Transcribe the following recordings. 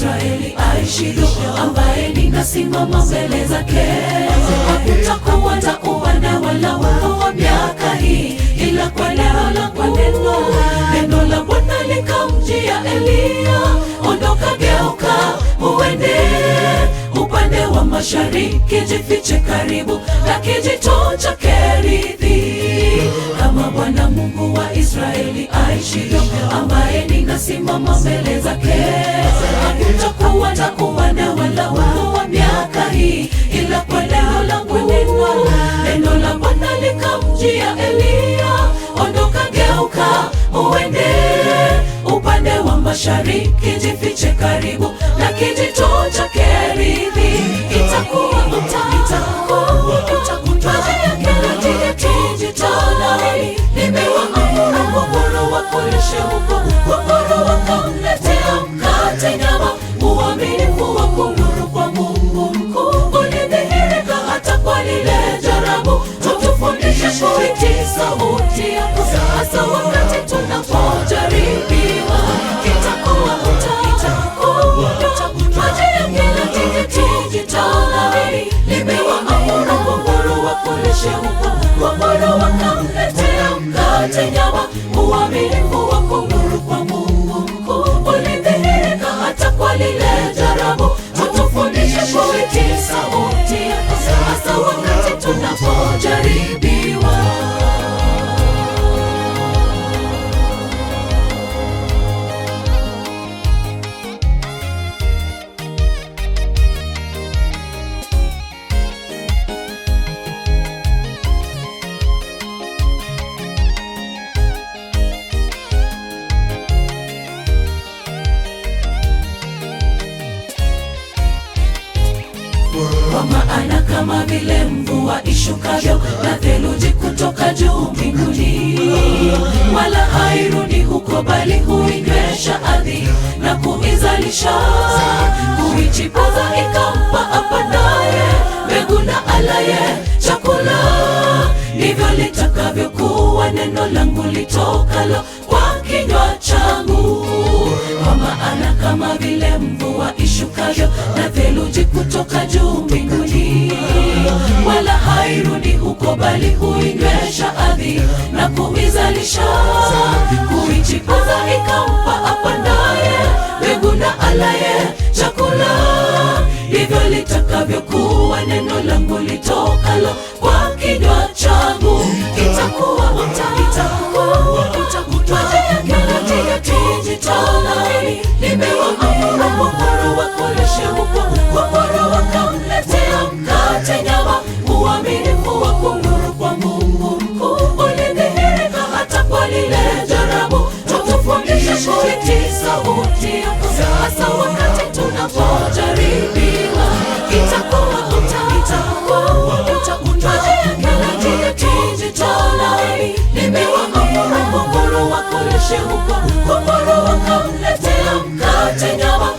Israeli aishiyo, ambaye ninasimama mbele zake. Hakutakuwa na uwana wala uovu wa miaka hii, ila kwa neno langu. Neno la Bwana likamjia Eliya, ondoka, geuka, uende upande wa mashariki, jifiche karibu na kijito cha Kerithi. Kama Bwana Mungu wa Israeli aishiyo, ambaye ninasimama mbele zake Mashariki kama vile mvua ishukavyo na theluji kutoka juu mbinguni, wala hairudi huko, bali huinywesha ardhi na kuizalisha, kuichipuza, ikampa apandaye mbegu na alaye chakula. Ndivyo litakavyokuwa neno langu litokalo hairudi huko, bali huinywesha ardhi na kuizalisha, kuichipuza ikampa apandaye mbegu na alaye chakula. litakavyo litakavyokuwa neno langu litokalo kwa kinywa changu. Sasa wakati tunapojaribiwa, itakuwa utakuwa utagundua kila kitu jitolani. Nimewaamuru kunguru wakulishe huko, kunguru wakamletea mkate, nyama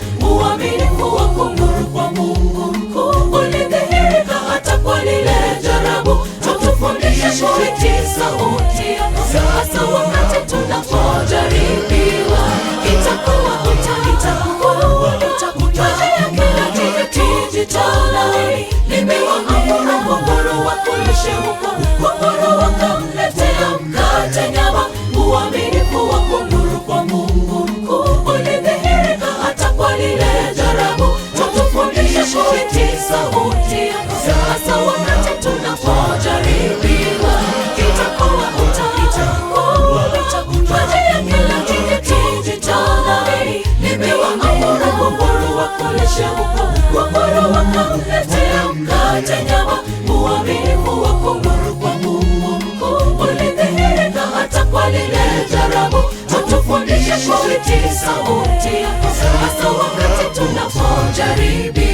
wakamletea mkate, nyama. Uaminifu wa kunguru kwa Mungu mkuu ulidhihirika hata kwa lile jarabu. Twatufundisha kuitii sauti yako, sasa wakati tunapojaribiwa sauti yako hata wakati tunapojaribu